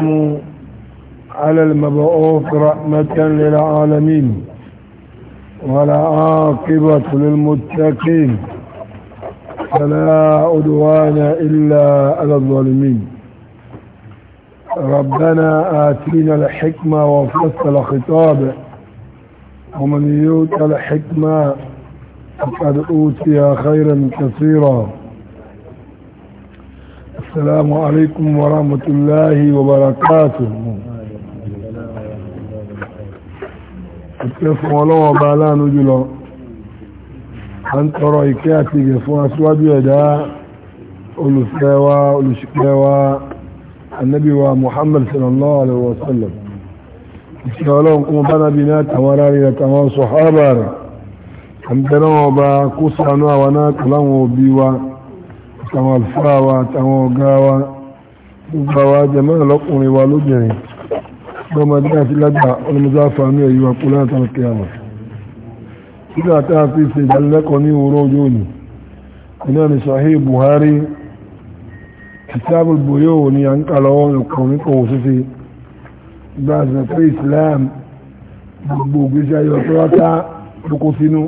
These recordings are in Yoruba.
الحكم على المبعوث رحمة للعالمين ولا عاقبة للمتقين فلا أدوان إلا على الظالمين ربنا آتينا الحكمة وفصل خطابه ومن يؤت الحكمة فقد أوتي خيرا كثيرا السلام عليكم ورحمة الله وبركاته ìpẹ́ fún ọlọ́wọ́ bá aláàánú jùlọ a ń tọrọ ìkẹ́ àti ìgẹ̀ fún aṣíwájú ẹ̀dá olùfẹ́wà olùṣìpẹ̀wà annabiwa muhammad sallallahu alaihi wasallam ìṣẹ́ ọlọ́run kún bá nábi ní àtàwọn arárí àtàwọn sọ̀hábà rẹ̀ àmì tẹ́lọ́wọ́ bá kó sànú àwọn náà tọ́láwọn òbí wa àtàwọn àlùfáà wa àtàwọn ọ̀gá wa gbogbo àwa jẹ̀mọ́ ọlọ́kùnrin wa lóbìnrin lọ́mọdé àti lágbà ọlọ́mọdé àfààní ẹ̀yí wa kúlẹ̀ àtàwọn kẹyàmọ̀ nígbà tá a fi ṣe ìdánilẹ́kọ̀ọ́ ní òwúrọ̀ ọjọ́ òní iná ni Sahih Buhari kìtàbù bòyó ni à ń kà lọ́wọ́ ẹ̀kọ́ nípa òṣìṣẹ́ gbà àṣàfẹ́ Islam gbogbo ògbésí ayọ̀ tó wá tá lókó sínú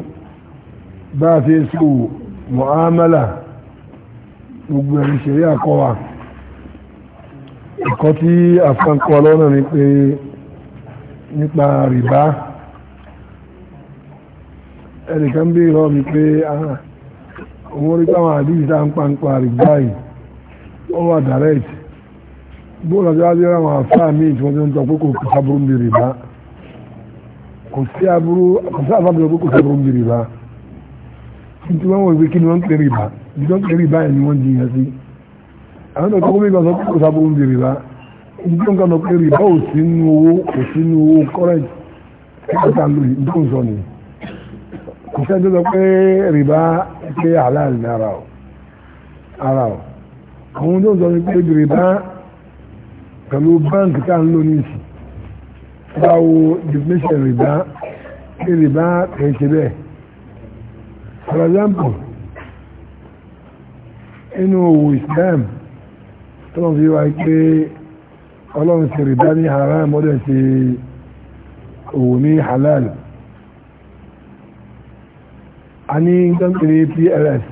bá a ṣe sùn mu'amala gbogbo ẹ̀rí ṣeré àkọwà ẹ̀kọ́ tí àfáǹkọ́ lọ́nà ni pé nípa rìbá ẹnìkan bí rọ́ mi pé ah, àwọn orí táwọn àdíjì tá ń pa ń pa rìbá yìí ó wà direct bóòlù ọjọ́ ajé àwọn àfáà míì tí wọ́n ti ń tọ́ pé kò kò sábúrú ń bi rìbá kò sí àbúrú kò sí àfáà bí wọ́n pé kò sábúrú ń bi rìbá tí wọ́n wọ̀ pé kí ni wọ́n ń pè rìbá ìjọ kiri báyìí ni wọ́n di yẹn sí àwọn ọ̀tọ́ gómìnà sọ pé kò sábúrú ń bèrè bá ìjọ nǹkan lọ pé rìbá ò sí nú owó kò sí nú owó kọ́rẹ́jì kíkọ́ta lórí ìjọ ń sọ ni kò sẹ́ni tó sọ pé rìbá pé àláàlì ní ara ọ̀ ara ọ̀ àwọn ìjọ ń sọ ni pé rìbá pẹ̀lú báńkì tá ń lò ní ìsì báwo definition rìbá pé rìbá kẹ̀ ṣe bẹ́ẹ̀ for example inú owó islam tọ́lọ́n fi wá pé ọlọ́run ti rìbá ní haram ọdún ti owó ní halal a ní gbọ́nkiri pls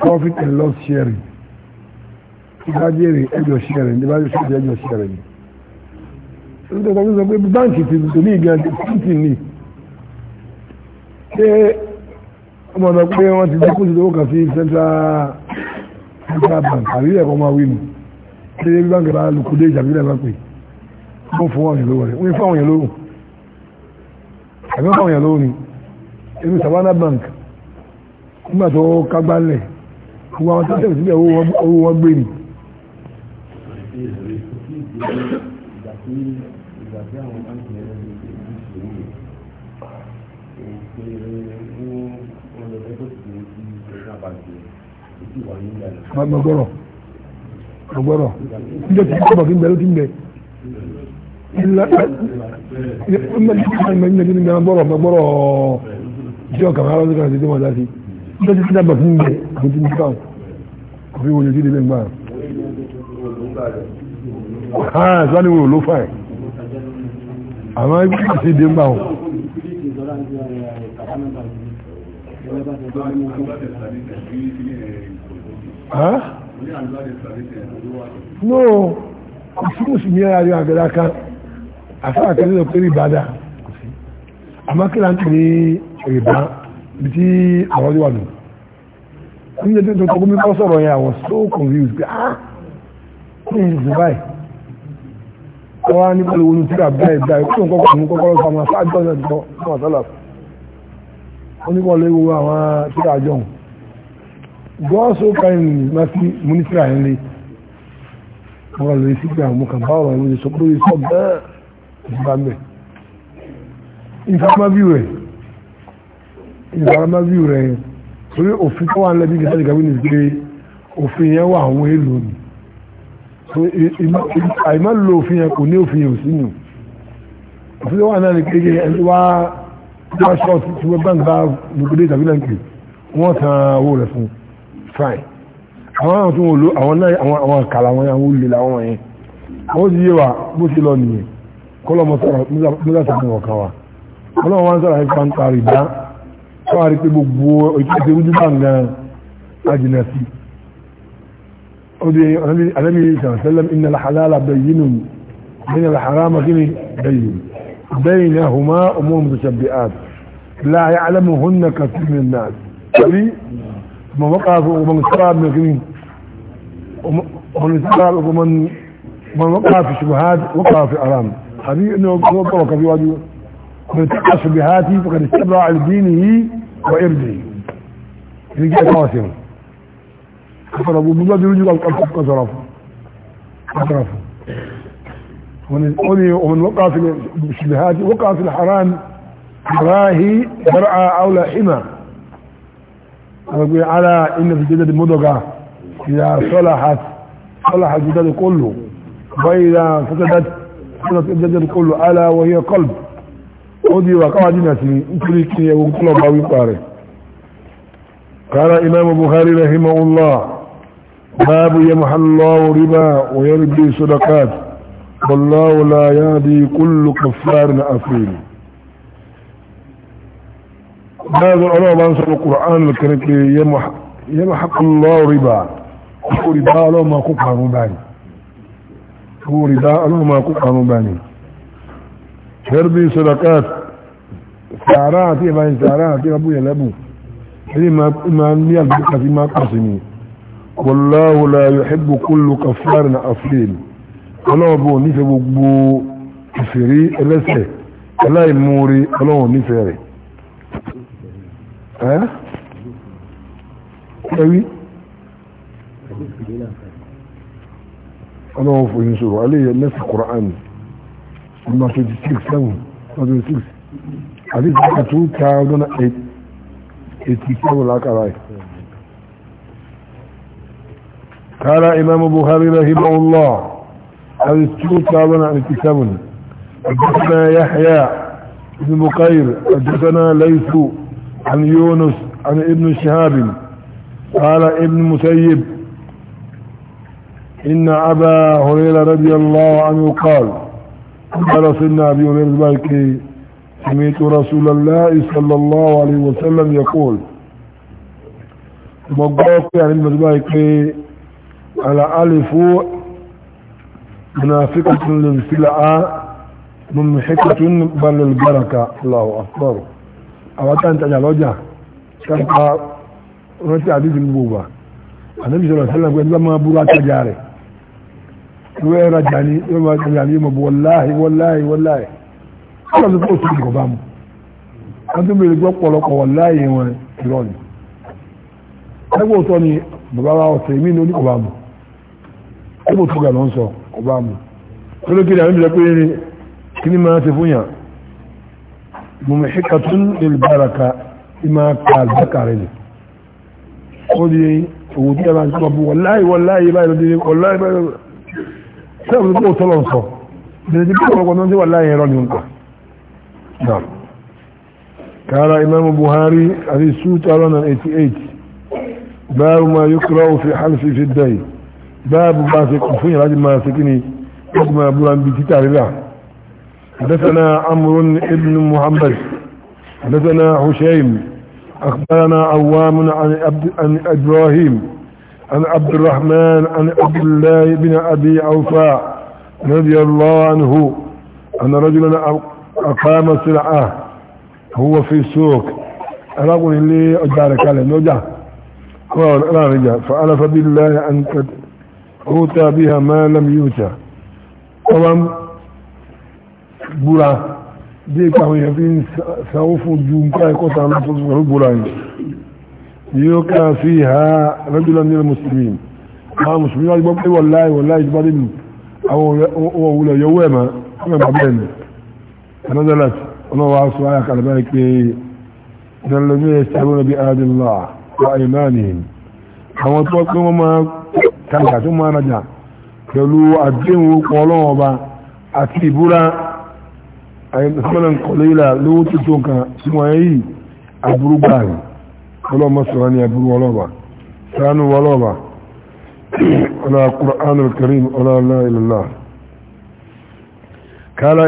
profit and loss sharing ìbájẹ́rì ẹjọ́ sharing ìbájẹ́rì ẹjọ́ sharing ní tọ́kọ́ sọ pé báńkì ti tò ní ìgbà tí ní ṣe ọmọ ọ̀dọ̀ pé wọ́n ti dínkù sí owó kan sí central bank àrí ẹ̀kọ́ máa wí nù tí ilé bank bá lùkúdé ìjàmbí lẹ́ẹ̀ bá pè wọ́n fún àwọn èèyàn lówó rẹ̀ wọ́n fún àwọn èèyàn lówó àbí wọ́n fún àwọn èèyàn lówó ni inú savannah bank nígbà tó kágbá lẹ̀ gbogbo àwọn tó tẹ̀lé sílẹ̀ owó gbọ́rọ̀ gbọ́rọ̀ níjọ́ tí kò bọ̀ kí n bẹ ló ti ń bẹ nígbà gbọ́rọ̀ gbọ́rọ̀ jẹ́ ọ̀kà máa lọ́dún kan àti ìdíwọ̀n láti níjọ́ tí kò bọ̀ kí n bẹ kò ti ń bẹ káwọn kò fi wọlé sí ilé gbà. ah sani wo ló fà ẹ́ àwọn ẹgbẹ́ àti ìdí ń bá wọn no kò sí mùsùlùmí ayọ̀ àgbẹ̀dá kan àfẹ́ àtẹ́lẹ́ lọ pé rìbádà kò sí àmọ́ kí láǹtì ní rìbá bí tí àwọn ọdún wà nù ní ẹjọ́ tó tọgbọ́n mímọ́ sọ̀rọ̀ yẹn àwọn so confused pé ah kí ni ìsìn báyìí wọ́n á ní pẹ̀lú olùtúrà bẹ́ẹ̀ bẹ́ẹ̀ kí kọ́kọ́ òun kọ́kọ́ lọ́sọ̀ àwọn afáàjọ́ onímọ̀lẹ́ wo àwọn tíra jọ gọ́ọ̀sù káyìn láti múnísírà yẹn lé wọ́n lè sí pé àwọn kan bá ọ̀rọ̀ ìwé sọ pé sọ bẹ́ẹ̀ ìgbà mẹ́ ìfàmábíù rẹ̀ ìfàmábíù rẹ̀ torí òfin tó wà ń lẹ́bí gẹ̀ẹ́sẹ̀ ìgbà wíní pé òfin yẹn wà àwọn èlò ni àìmọ́ lo òfin yẹn kò ní òfin yẹn ò sínú òfin tó wà náà ni pé ẹni wá tí wọ́n ṣọ́ọ̀tì tí wọ́n bá ń gba lùgbìdì tàbí lẹ́ǹkì wọ́n san owó rẹ̀ fún fine àwọn àwọn tó wọ́n lo àwọn náà àwọn àkàlà wọn àwọn olè làwọn yẹn àwọn ti yé wa bó ti lọ nìyẹn kọ́lọ́ mọ́ sọ̀rọ̀ nígbà tó ń wọ̀ kan wa kọ́lọ́ wọn sọ̀rọ̀ nípa ń ta rìbá tó wà rí pé gbogbo ìtúnṣe ojú bá ń gan ajìnà sí ọdún alẹ́mí sàrẹ́sẹ́lẹ́m ìnàlá halálà bẹ̀yìnù ìnàlá haramá kí ni bẹ̀yìnù بينهما أمور متشبئات لا يعلمهن كثير من الناس ولي ما وقف ومن سراب من الغنين ومن سراب ومن من وقع في شبهات وقع في أرام هذه أنه طرق في واجه من تقع شبهاته فقد استبرع لدينه وإرده رجاء قاسم كفر أبو بلاد يرجو القصف قصرف قصرفه ومن وقع في الشبهات وقع في الحرام راهي درعى او حمى يقول على ان في الجدد مضغة اذا صلحت صلح الجدد كله واذا فسدت فسدت الجدد كله الا وهي قلب ودي وقاعدنتي تريكي وقلب او يقاري قال امام البخاري رحمه الله باب يمحى الله ربا ويربي صدقات والله لا يهدي كل كفار أثيم هذا الأمر بأنسى القرآن الكريم يمحق الله ربا هو ربا الله ما كفر باني هو ربا الله ما كفر باني شربي صدقات سعرات يا بني سعرات يا يا لابو ما ما ما ما قسمي والله لا يحب كل كفار أثيم ọlọ́ọ̀bọ̀ nífẹ̀ẹ́ gbogbo ìfèrí ẹlẹ́sẹ̀ aláìmoore ọlọ́wọ̀n nífẹ̀ẹ́ rẹ̀ ẹ́ ẹ̀rí ọlọ́wọ̀n fòyìn sọ̀rọ̀ aléyẹ lẹ́sẹ̀ Qur'an number 26 7 26 àti ìgbà tó ta ọdún 87 lákàrá ẹ̀ قال إمام بخاري رحمه الله حديث 2097 حدثنا يحيى بن بقير حدثنا ليث عن يونس عن ابن شهاب قال ابن مسيب إن أبا هريرة رضي الله عنه قال قال سيدنا أبي هريرة الباكي سمعت رسول الله صلى الله عليه وسلم يقول مقاطع يعني المزبايك على ألف منافقة للسلعة ممحكة بل البركة الله أكبر أولا أنت أجل وجه كانت رتي عديد البوبة النبي صلى الله عليه وسلم قال لما بولا تجاري وين رجعني يوم رجعني يوم والله والله والله أنا بقول صدق بام أنتم بيقولوا قولوا والله وين يروني أقول صوني بابا وسيمين وني قبام أقول صدق لونسو ọba mu olókèrè àwọn ìbílẹ̀ pé ní kí ní máa ti fún yàn mọ̀mọ̀ ṣíkà tún lè bára ka ìmá ka àlùbákà rẹ̀ ni ó di owó tí a máa ń sọ fún wọláyé wọláyé báyìí ló dé wọláyé báyìí ló dé sọ́ọ̀bù tó tọ́lọ̀ sọ bẹ̀rẹ̀ tí kí ọ̀pọ̀lọpọ̀ náà ti wọláyé ẹ̀rọ ni nǹkan náà kára imam buhari àti suit around 88 báwo ma yóò kúrọ̀ òfin hàn dẹ́yìí باب ما في كفين رجل ما سكني حكم بلان بتتار الله حدثنا عمر بن محمد حدثنا حشيم أخبرنا عوام عن عبد عن إبراهيم عن عبد الرحمن عن عبد الله بن أبي أوفاء رضي الله عنه أن رجلا أقام سلعة هو في السوق أرغب لي أجارك على نجا قال أنا رجع فألف بالله أن أوتى بها ما لم يؤتى طبعا بولا دي كانوا يفين سوفوا جمكا يقطع نفسه بولا يوكا فيها رجلا من المسلمين ما مسلمين يقول والله والله يجبرين أو أولا يوما أما بعدين فنزلت الله سبحانه على ذلك الذين يستعملون بآد الله وأيمانهم àwọn tó wọ́n tàǹkà tó máa rajà pẹ̀lú àdéhùn ọlọ́wọ́n àti ìbúra àyẹ̀mọ́sọ́nà kọ̀lẹ́yìnlá lówó tó tó nǹkan tí wọ́n yí aburú gbààrí ọlọ́mọ sọ̀rọ̀ ní aburú ọlọ́ba sanu ọlọ́ba ọlọ́ ala Karim ọlọ́ la ilaha illallah قال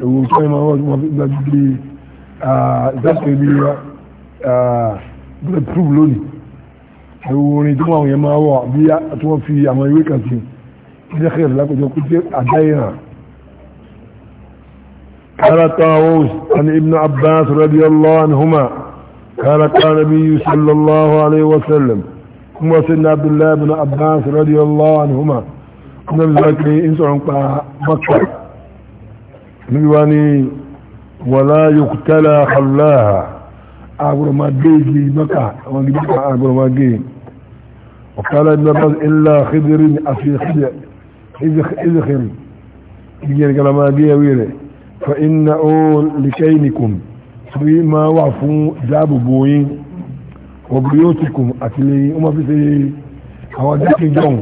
ewu tí wọ́n máa wọ́n tí wọ́n fi gba bíi ìdáṣẹ́ bíi bullet proof lónìí ewu orin tí wọ́n yẹn máa wọ̀ bí tí wọ́n fi àwọn ìwé kan sí ilé xẹ́rẹ̀ lápẹjọ kú tí àdáyé hàn. قال طاووس عن ابن عباس رضي الله عنهما قال قال النبي صلى الله عليه وسلم ثم سيدنا عبد الله بن عباس رضي الله عنهما قلنا بذلك ان سعون níwáni wàlá yòkútẹ́lá aláà agbọ̀rọ̀mágé igi mẹ́ka àwọn igi mẹ́ka agbọ̀rọ̀mágé ọ̀kálá ìgbàmọ́ ilá xidiri àti ìzìkìrì ìgbìyàn galamágé ẹwì rẹ̀ fa iná ó lìkẹ́yìnìkùn tí máa wà fún dáàbòbò yín ọ̀bùyótìkùn àti lẹ́yìn ó fi ṣe àwọn dẹ́kìndọ̀n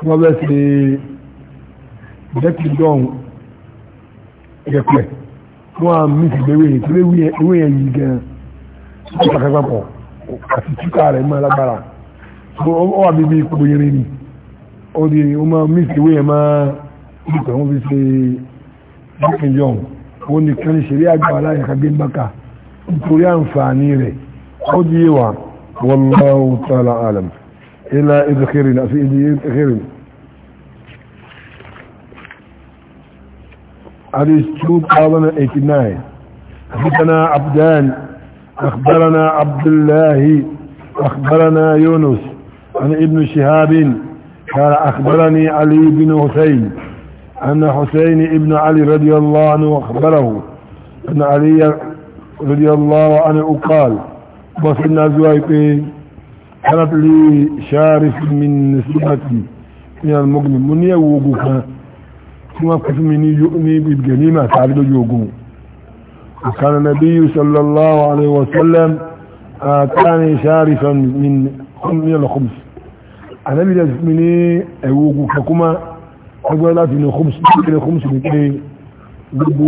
ó máa fẹ́ ṣe dẹ́kìndọ̀n ẹ̀kẹ́pẹ́ wọ́n á mí sí gbẹ̀wé yẹn tí ewé yẹn yìí gan títí kàkàkà pọ̀ àti títà rẹ̀ máa lágbára ó wà bíbí ipò yẹrin ni ó di ó máa mí sí ewé yẹn máa ìpè wọn fi ṣe bákin jọ wọn nìkan ní ṣeré àgbà aláyàká gbé mbàkà nítorí àǹfààní rẹ̀ ó di yé wa wallahu ta'ala alam ila idikhirin àti idikhirin حديث 2089 حدثنا عبدان أخبرنا عبد الله أخبرنا يونس عن ابن شهاب قال أخبرني علي بن حسين أن حسين ابن علي رضي الله عنه أخبره أن علي رضي الله عنه قال وصلنا زوايقين كانت لي شارف من نسبتي من المغنم من يوقفها tí wọ́n pẹ́ fún mi ní ibìgẹ̀mímà tàbí lójú ogun ọ̀kan nàbí sallallahu alaihi wasallam àtàrí sharifan min al-khums anábì dẹ̀ fún mi ní ẹ̀wọ̀ ogun kakuma ọgbẹ́ láti ní khums ní khums ní pé gbogbo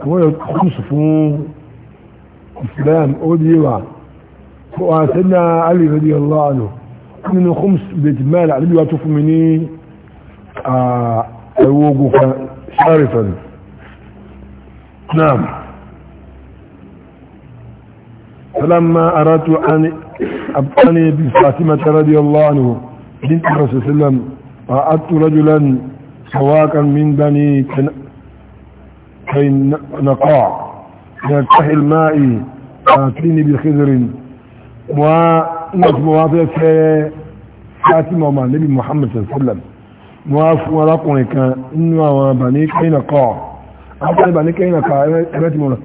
àwọn ìkùsù fún islam ó di wà kó a sẹ́nà alì rẹ̀ di ọlọ́ àná nínú kùms bèjì mẹ́rin àdébí wa tó fún mi ní ẹ̀wọ̀ ogun kan sharifan naam فلما أردت أن أبقني بفاطمة رضي الله عنه بنت الرسول صلى الله عليه وسلم رأت كي نقع يكتحل الماء آتيني بخضر ونص مواطئة فاتمة مع نبي محمد صلى الله عليه وسلم مواف ورقونك إنما وابني كي نقع أبنى بني كي نقع أبنى مولا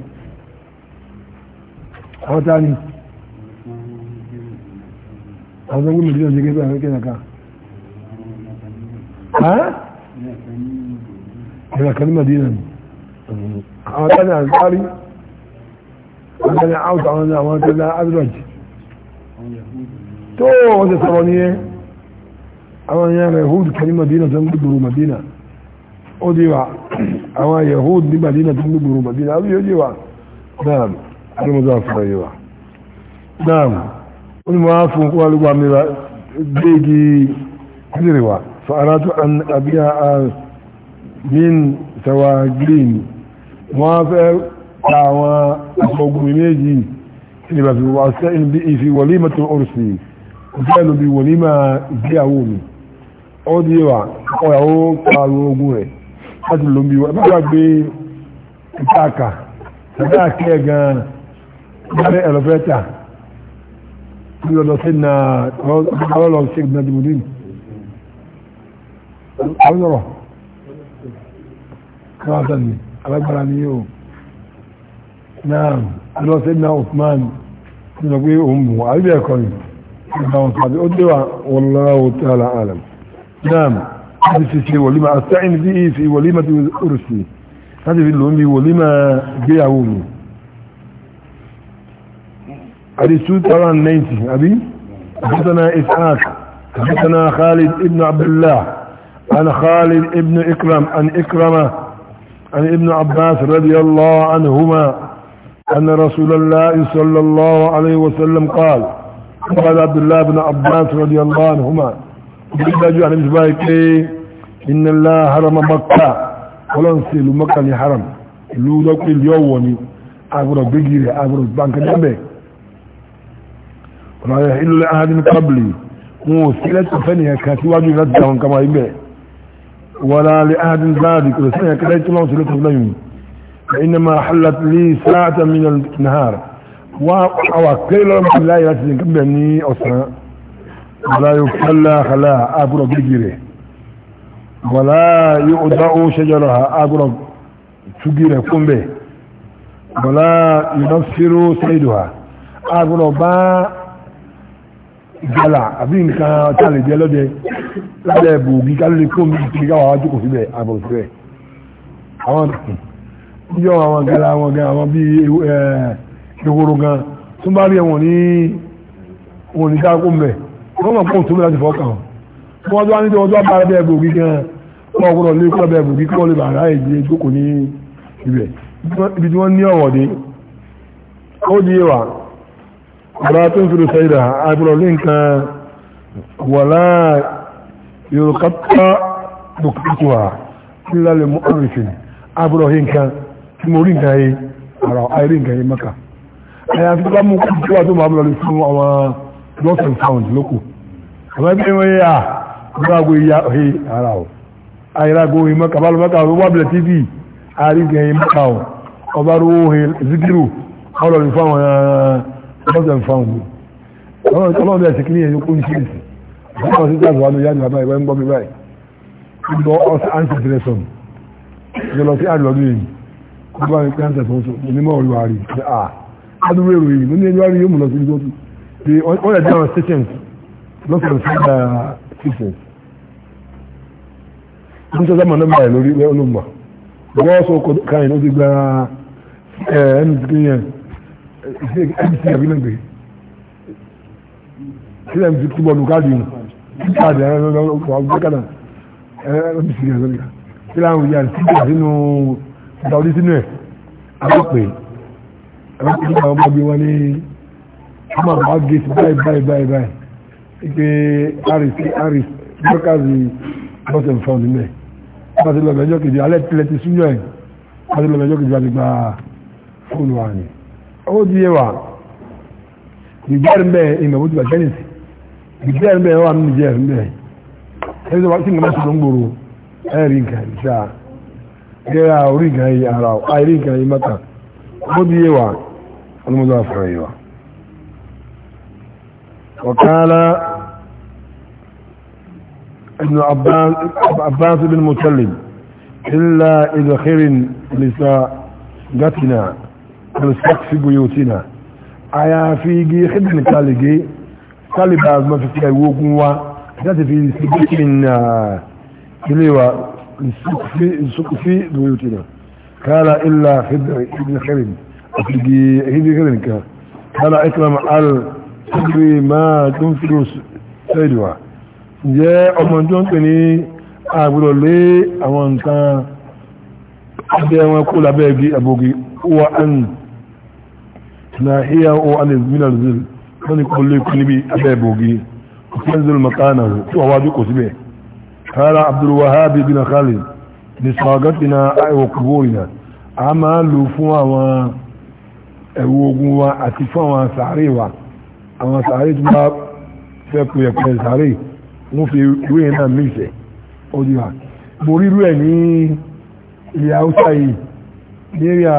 هو تاني هذا هو مدينة جيبا كي نقع ها؟ هذا كلمة دينا àwọn tánà àgbárí àwọn out àwọn àwọn tó lá average tó wọ́n ti sọ̀rọ̀ ní ẹ́ àwọn èèyàn yahood kan ní madina tó ń gbogbo madina ó dí wa àwọn yahood ní madina tó ń gbogbo madina ó dí wa dáàm alùmọ́dá fún wọ́n fẹ́ ta àwọn aṣọ́gun méjì ní bàbí wà sẹ́yìn bí ìfi wọlímà tó orùsì ìfẹ́lú bí wọlímà ìgbéyàwó mi ó di wà ọ̀yàwó pààrọ̀ ogun rẹ̀ láti lò bí wọ́n bá gbé ìtaaka tàbí àkẹ́ alágbára ni yóò náà lọ́sẹ̀ náà Usman ní ọgbé òun bù àríbẹ̀ ẹ̀kọ́ ni ìgbà wọn tàbí ó déwà wallahu ta'ala alam náà láti fi ṣe wọlímà àtẹ́yìn bí i fi wọlímà ti oríṣi láti fi lòun bí wọlímà gbéyàwó mi àti 2090 àbí àbútana Ishaq àbútana Khalid ibn Abdullah عن خالد ابن إكرم عن إكرمه عن ابن عباس رضي الله عنهما أن رسول الله صلى الله عليه وسلم قال قال عبد الله بن عباس رضي الله عنهما بيجاجو عن مسبايك إن الله حرم مكة ولن سيلو مكة لحرم اللو دوك اليووني أبرو بجيري أبرو بانك نبي ولا يحل لأحد من قبلي مو سيلة فنية كاتي واجو ندهن كما يبي ولا لأحد ذلك لسنة كليت الله سلطة لهم فإنما حلت لي ساعة من النهار وأوكل لهم لا يلاتي كبني أسرى ولا يكفل خلاء أقرأ بجيره ولا يؤدع شجرها أقرأ شجيره كم به ولا ينفر سيدها أقرأ با ìjàlá àbí nǹkan tá a lè jẹ lọ́dẹ lábẹ́ bòògì ká ló lè kó mi kiri káwọn àwọn jókòó síbẹ̀ àbọ̀ síbẹ̀ àwọn yọ àwọn gala àwọn gan àwọn bíi eh, ehoro gan tó bá rí ẹwọn ní wọn ní dáko mbẹ wọn mọ pọ́ùn tó bẹ láti fọkàn wọn tó wá ní wọn tó wá bá bẹ bòògì gan wọn kúrò lé kúrò bẹ bòògì kúrò lè bàrà èdè jókòó ní ibẹ̀ ibi tí wọ́n ní ọ̀wọ̀ dé ó di wa. ولا تنفر سيدها أقول لك ولا يقطع دقيقها إلا لمؤرف أقول لك تمورين كهي أرى أيرين كهي مكة أنا أفضل أمو كنت واتم أقول لك سنو أما لوس الفاوند لكو أما بيما يا أقول يا هي أرى أيرا قوي مكة بل مكة وابل تي في أيرين كهي مكة وبروه ذكروا أقول لك فاوند thousand pound ọlọ́run bẹ̀rẹ̀ sí kí ní ẹ̀yọ́ kó ń ṣe èsì sí jáde wà ló yá ìwẹ́ ń gbọ́ mi báyìí ń lọ ọsẹ answer sí àdìlọ́dún yìí kó bá mi pé answer tó ń sọ mo ní mọ́ olùwà rí pé à adúrú èrò yìí mo ní ẹjọ́ rí yóò mú lọ sí ìjọ́tù pé ó yẹ dáhùn stations lọ́sọ̀rọ̀ sí ìgbà ẹ̀ mc abilengbe sílẹ̀ mc túbọ̀ nù káàdì yìí káàdì ẹ̀ ẹ̀ ọ̀gbẹ́kàdà ẹ̀ mc abilengbe sílẹ̀ àwọn ìyá sí ìyá sínú ìdáwọ́dí sínú ẹ̀ alọ́pẹ̀ alọ́pẹ̀ nípa ọmọ bí wọ́n ní ọmọ àbá gẹ̀ẹ́sì báyìí báyìí báyìí báyìí ike aris aris bọ́kàzì bọ́sẹ̀ fọ́ọ̀n nílẹ̀ wọ́n ti lọ bẹ̀jọ́ kejì alẹ́ tilẹ̀ ti súnjọ́ ẹ̀ wọ́n ti lọ bẹ̀jọ́ kejì àti gba fóònù wa ni ó di yẹ wa nìjẹ́rì ń bẹ ìmọ̀ bó ti wà jẹ́nìsì nìjẹ́rì ń bẹ wà nìjẹ́rì ń bẹ ẹni tó wá sí nǹkan tó ń gbòòrò ẹ rí nǹkan ìṣá gẹ́gẹ́ orí nǹkan yìí ara àìrí nǹkan yìí mọ́ta ó di yẹ wa ọlọ́mọdé wà fún ẹ̀yẹ wa. وقال ابن عباس, عباس بن مسلم إلا إذا خير لساقتنا بالسقف بيوتنا ايا في جي خدمة كالجي كالبا ما في كي وقوا ذات في سبيكين كليوا السقف السقف بيوتنا قال الا خدر ابن خرم افجي ابن خرم قال اكرم على صدري ما تنفر سيدوا jẹ́ ọmọ tó ń pè ní àgbèrò lé àwọn nǹkan abẹ́ wọn kó lábẹ́ igi àbògì wọ́n ناحية عن من الظل من يقول لي كل بي أبابوغي وتنزل مكانه وواجهك سبيه قال عبد الوهاب بن خالد لصاغتنا وقبورنا عمل فوا و ewogun wa àti fún àwọn sàárè wa àwọn sàárè tó bá fẹ́ kú ẹ̀kọ́ sàárè wọ́n fi ìwé yẹn náà mìíràn ó di wa mo rírú ẹ̀ ní ilẹ̀ haúsá yìí ní area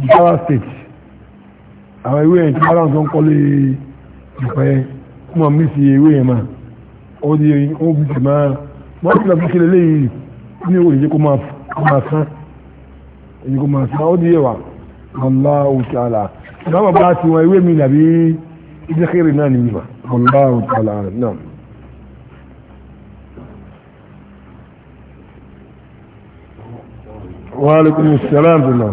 jigawa state àwọn ewé ẹ̀ tí aláwọ̀ tó ń kọ́lé ìpẹ́ kó máa mí sí ewé ẹ̀ mà ó di ó bí jẹ̀ máa wọ́n ti lọ fi kéde léyìí ní òye jẹ́ kó máa sán èyí kó máa sán ó di ẹ̀wà Allahu ta'ala ìdáwọ̀ bá ti wọn ewé mi nàbí ìdíkẹ́rì náà nìyí mà Allahu ta'ala náà. وعليكم السلام بالله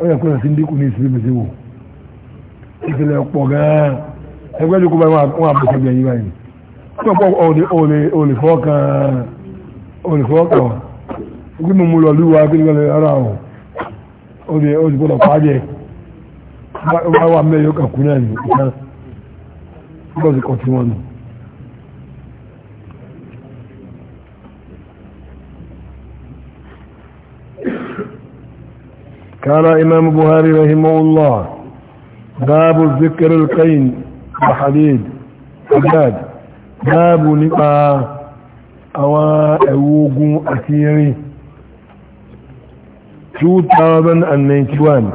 ó yẹ kó lọ sí dínkù ní ìsinmi sí wò ìpìlẹ̀ pọ̀ gan-an ẹgbẹ́ ìdókòwò báyìí wọ́n àbọ̀ sẹ́gbẹ̀ yìí báyìí tó pọ̀ olùfọ́kàn olùfọ́kàn gbé mú mú lọ lúwa kí nígbàlẹ̀ ara ọ̀ olùgbọ́dọ̀ pàájẹ́ wọ́n wà mẹ́yọ́ kàkúnyà ní ìtàn lọ́sìkọ̀ tí wọ́n nù قال إمام بهاري رحمه الله باب الذكر القين وحديد حداد باب نقا او اوغو أثيري 2091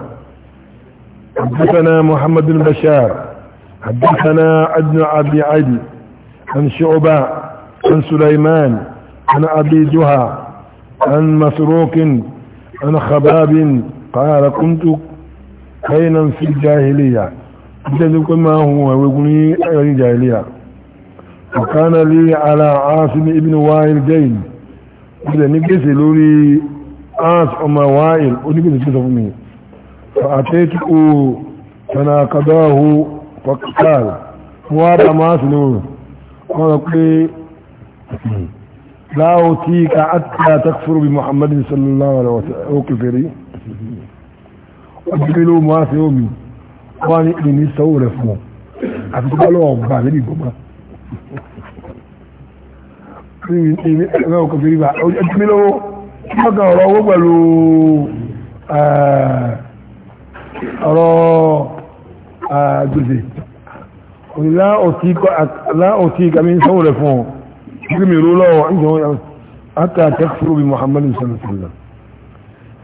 حدثنا محمد بن بشار حدثنا عدن عبد عدي عن شعبة عن سليمان عن أبي زهى عن مسروق عن خباب قال كنت كينا في الجاهلية جدك ما هو ويقولي أي جاهلية وكان لي على عاصم ابن وائل جين إذا نقص لوري عاص أما وائل ونقص كيف أمي فأتيته فناقضاه فقال وابا ما سنوه قال قلي لا أوتيك حتى تكفر بمحمد صلى الله عليه وسلم ọdún ló mọ́ àti omi wọ́n ní ìní sanwó rẹ̀ fún ọ àti tó bọ́lọ́ ọ̀gbà níbi ìgbọ́mà ọdún ló mọ́kàn ọ̀rọ̀ owó pẹ̀lú eh, ọ̀rọ̀ eh, gbèsè láòtí kàmí sanwó rẹ̀ fún ọ kí mi rú lọ́wọ́ àti àtẹ́kùrù bí Muhammadu sallallahu alaihi wasallam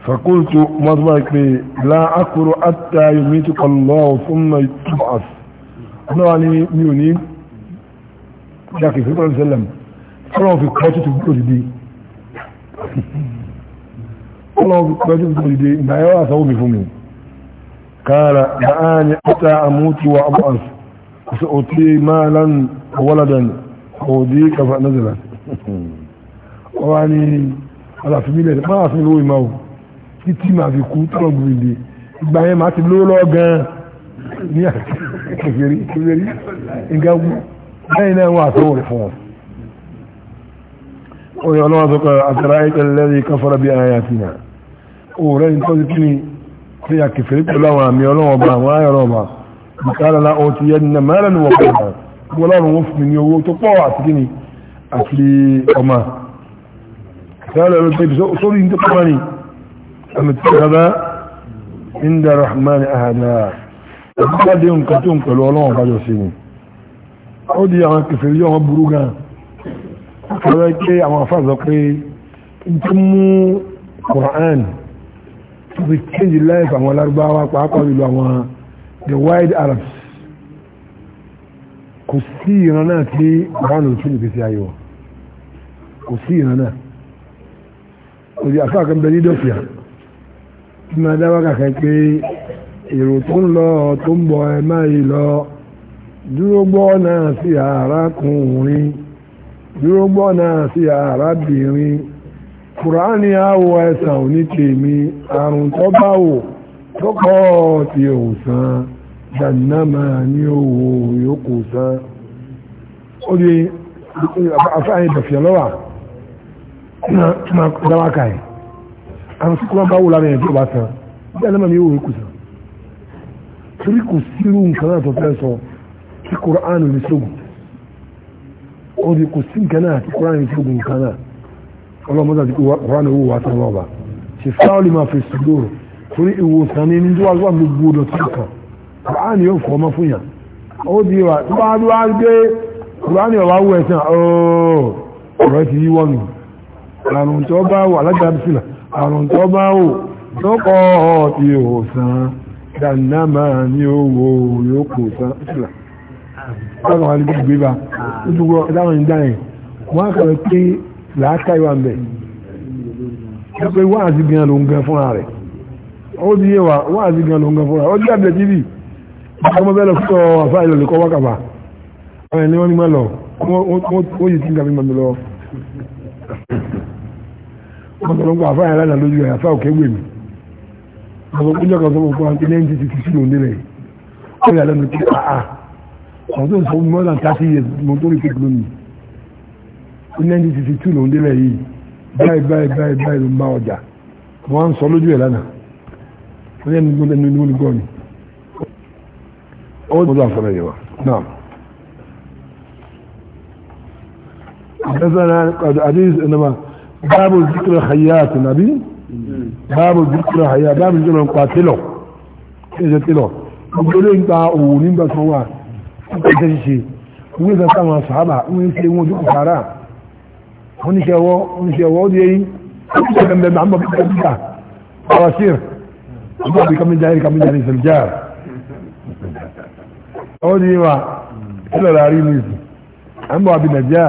فقلت مضمك لا أكر أتى يميتك الله ثم تبعث نعني ميونين لكن في الله سلم الله في قوتي تقول دي الله في قوتي تقول دي ما يوا صومي فمي قال دعاني أتى أموت وأبعث سأطي مالا ولدا أوديك فنزلت وعني على فميلة ما أصنعوه ما títí màá fi kú tọ́lọ̀ gbòmìnì ìgbà yẹn màá ti lówó lọ́wọ́ gan-an ní àkèkèrè kékeré nǹkan kú lẹ́yìn náà wọ́n àtọ́wò rẹ̀ fún wọn. ó yọ ọlọ́wọ́ sọ́kọ̀ àtàrà ayẹ́tẹ̀ lẹ́yìn káfọ́rọ́ bí ara yà tìǹà ó rẹ̀ ní tọ́jú kí ni ṣe àkèkèrè pẹ̀lú àwọn àmì ọlọ́wọ́ bá àwọn ayọ̀rọ̀ bá bùkálà náà ó ti yẹ ní mẹ́rẹ̀ ni wọ́n fún mi ní owó tó pọ̀ àti sórí ní tó pọ̀ náà أم اتخذ عند الرحمن أهدا أبقى دي انكتون كالولون فاجو سيني ó di àwọn kẹfẹ̀rí ọmọ burú gan ọ̀rọ̀ pé àwọn afáàzọ pé tí mú Quran to be change life àwọn Lárúbáwá pàápàá ìlú àwọn the wide Arabs kò sí ìran náà tí Quran ò tún ìgbésí ayé wọn kò sí ìran náà òdì àfáà kan bẹ ní dọ́kìá tí máa dáwọ́ kàkẹ́ pé èrò tó ń lọ tó ń bọ̀ ẹ máa yìí lọ dúró gbọ́ náà sí arákùnrin dúró gbọ́ náà sí arábìnrin kùránì àwọ̀ ẹ̀sà òní tèmi àrùn tó bá wò tó kọ́ ti òsàn jàǹdàmà ní owó yòókù san ó di afáàyè dọ̀fìyàn lọ́wà dáwákàyè àwọn tí wọ́n bá wò lára yẹn tí ó bá san bí ẹlẹ́mọ̀ mi yóò rí kù sàn torí kò sírú nǹkan náà tó fẹ́ sọ tí Kùránì lè sógun ó di kò sí nǹkan náà tí Kùránì lè sógun nǹkan náà ọlọ́mọdé àti Kùránì owó wa tán wọn ọba ṣe fáwọlì máa fi sùdúrò torí ìwòsàn ní ní wàá wà gbogbo odò tí kan Kùránì yóò fọ ọmọ fún yàn ó di wa tí wàá wọ́n bá wà lágbàá bísí náà àrùn tó bá wò tó kọ́ ìhòsàn dànàmà ní owó yóò sán sílà ọ̀rọ̀ wọn nígbà gbé bá gbogbo ó di yé wọ́n àti gan ló ń gan ó jẹ́ àbẹ̀ tv ọmọ bẹ́ẹ̀ fún ọ àfáà ìlọlẹ̀ wákàbà ọ̀rẹ́ ni wọ́n ní mọ́ lọ wọ́n yìí ti ń gàmí mọ́ mi lọ ọ̀pọ̀lọpọ̀ àfáà yàrá lójú ẹ̀ àfáà òkè wèmí àwọn ọjọ́ kan sọ́mọ̀ fún àti lẹ́yìn títí títí lòun nílẹ̀ ó yà lẹ́nu pé àà àwọn tó ń sọ more than thirty years mo tó rí kékeré mi ó lẹ́yìn títí títí lòun nílẹ̀ yìí báyìí báyìí báyìí báyìí ló ń bá ọjà wọ́n ń sọ lójú ẹ̀ lánàá حدثنا حديث انما báàbù zikiri hayat nàbí báàbù zikiri hayat báàbù zikiri nǹkan télọ̀ ẹ̀jẹ̀ télọ̀ gbogbo ilé ń gba òwò nígbà tó wà nípa ìṣe ṣíṣe wọ́n ń sọ àwọn sàábà wọ́n ń ṣe wọn ojú kòkàrà wọ́n ní ṣẹwọ́ wọ́n ní ṣẹwọ́ ó di eyín kẹ́kẹ́ bẹ́ẹ̀ àmọ́ kẹ́kẹ́ bíkà awasir àmọ́ bí kàmí jáde kàmí jáde ìṣẹ̀lẹ̀ jáà ó di wa ẹlẹ́rìí ní ìsìn àmọ́ àbí nàìjíríà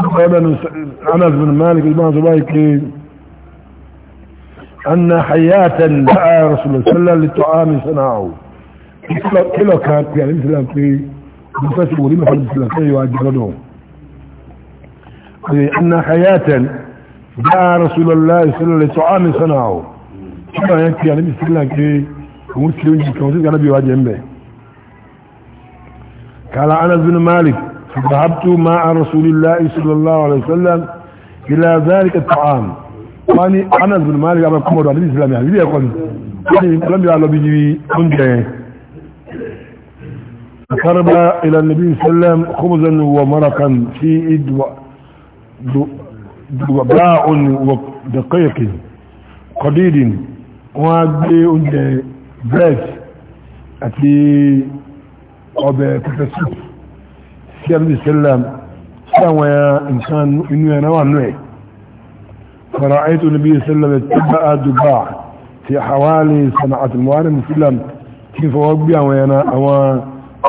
قال أنس بن مالك بن زبايك أن حياة دعا رسول الله صلى الله عليه وسلم للطعام صنعه كلا كانت يعني مثلا في مفاسي وليمة في المسلسل يواجهونه أن حياة دعا رسول الله صلى الله عليه وسلم للطعام صنعه كلا يكي يعني مثلا في مسلم كمسلم كان بيواجه به قال أنس بن مالك فذهبت مع رسول الله صلى الله عليه وسلم الى ذلك الطعام قال انس بن مالك ابو قمر رضي الله عنه يقول لم يعلو بي من قرب الى النبي صلى الله عليه وسلم خبزا ومرقا في ايد وباء ودقيق قديد وادي اونجي بريد اتي او بيتسوب sẹ́rìdì sẹ́lẹ̀m sáwọn nǹkan inú ẹ̀ náà nù ẹ̀ fara àìtò níbi sẹ́lẹ̀m tẹ́bà àdùbà ti hawali sana'at muwari musulam kí fọwọ́ gbé àwọn ẹ̀nà àwọn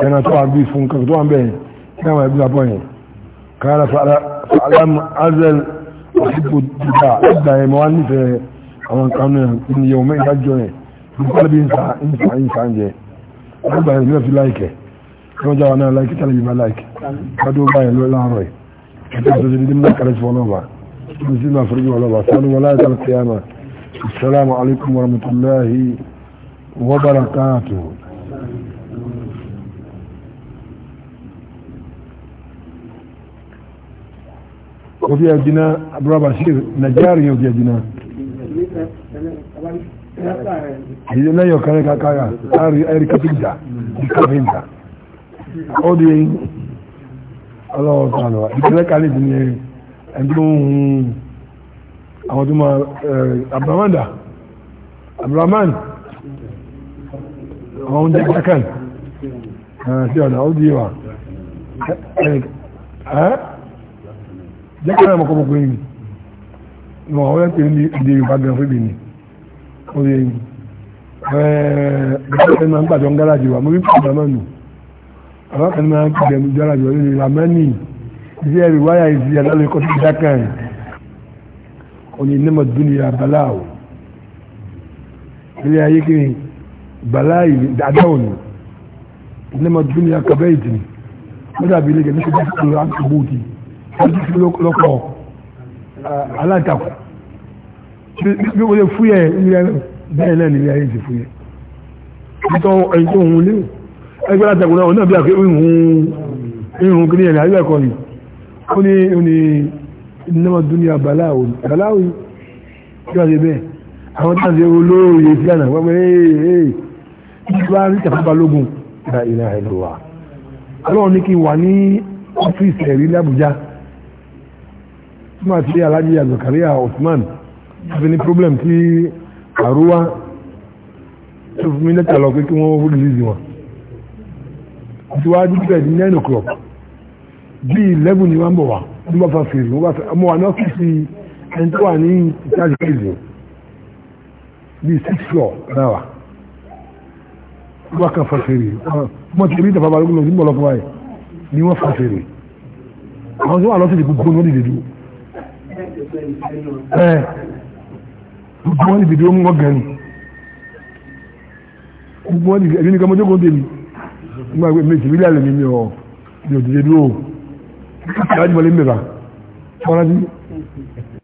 ẹ̀nà tó àbí fún kàkàtó àwọn bẹ́ẹ̀ kí àwọn ẹ̀bí àpọ̀ yẹn kára fa'alam azal ọ̀sìkò dìbà ẹ̀dà ẹ̀ mọ́ nífẹ̀ẹ́ àwọn kanú yẹn yẹ̀wò mẹ́ ìdájọ́ yẹn nípa bí ń sa ń sa ń láìkẹ̀ẹ́ rọ́jà wọn náà láìkí tàbí bá láìkí kádó báyìí ló láàárọ̀ ẹ̀ kẹta àtọ́jú dídí mú kàrẹ́sì wọn náà bá ní sí máa foríjì wọn lọ́ba sanu wọn láì tàbí kìyàmà assalamu alaikum warahmatullahi wabarakatuh وفي أجناء أبرا ó di ọlọ́wọ́ tó àlọ́ ìpínlẹ̀ kálí ti ní ẹgbẹ́ ohun àwọn tó máa abdulrahman dà abdulrahman àwọn oúnjẹ kankan sí ọ̀nà ó di wa jẹ́ kí wọ́n mọ̀ kọ́kọ́ pé ní wọ́n wọ́n pè ní ìdè yorùbá gan fún ìbìnrin ó di ẹ̀yìn ẹ̀ẹ́dẹ́gbẹ̀rún máa ń gbàjọ ń gáràjì wa mo rí pàdánù àwọn kan máa ń kìlẹ̀ mú jọ́ra jọ lórí ramani iṣẹ́ ẹ̀rí wáyà ìsì àlálẹ́ kọ́ sí dákàn òní ní mọ̀dúnni àbálá o ilé ayé kí ni bàlá yìí dáadáa ni ní mọ̀dúnni àkàbẹ́ ìdìní wọ́n dàbí ilé kẹ́kẹ́ tó dákàn lọ́wọ́ àti bóòtì wọ́n ti fi lọ́kọ̀ alátakò bí wọ́n lè fúyẹ̀ bẹ́ẹ̀ náà ni ilé ayé ti fúyẹ̀ nítorí ẹ̀yìn tó ń wọlé o ẹgbẹ́ látàkùn náà náà bí àkẹ́ ìhun kí ní ẹ̀rìn àríwẹ̀ kan yìí ó ní ní ináwó dúnìyà bàláwò bàláwò kí wá ṣe bẹ́ẹ̀ àwọn táàzì olóòye sí àná wọ́n pẹ́ ẹ́ẹ́ ìgbà rí tàbí balógun ìlà ìlà ìlú wa ọlọ́run ní kí n wà tí wọ́n Osman àti ní problem tí àrúwá tó fún mi lẹ́tà lọ pé kí wọ́n rúdìlì wọn tí wàá dúdú bẹ́ẹ̀ ní nine o'clock bí eleven ni wọ́n ń bọ̀ wá wọ́n bá fa fèrè wọ́n bá fa ọmọ wa ní ọ́fíìsì ẹni tó wà ní ìtajà fèrè bí six floor náà wà wọ́n bá kàn fa fèrè wọ́n ti rí ìtàfà balógun lọ́sí bọ̀ lọ́fọ́ báyìí ni wọ́n fa fèrè àwọn tó wà lọ́sídìí gbogbo ni wọ́n dìde dúró ẹ̀ gbogbo wọn dìde dúró mú wọ́n gan ni gbogbo wọn dìde ẹ̀mí ni kàmọ́jọ́gbọ́n dé nígbà pé méjì mílíà lè ní mi ọ̀ ní òdìdè lóò láti wọlé mẹ́ta fọ́nrán sí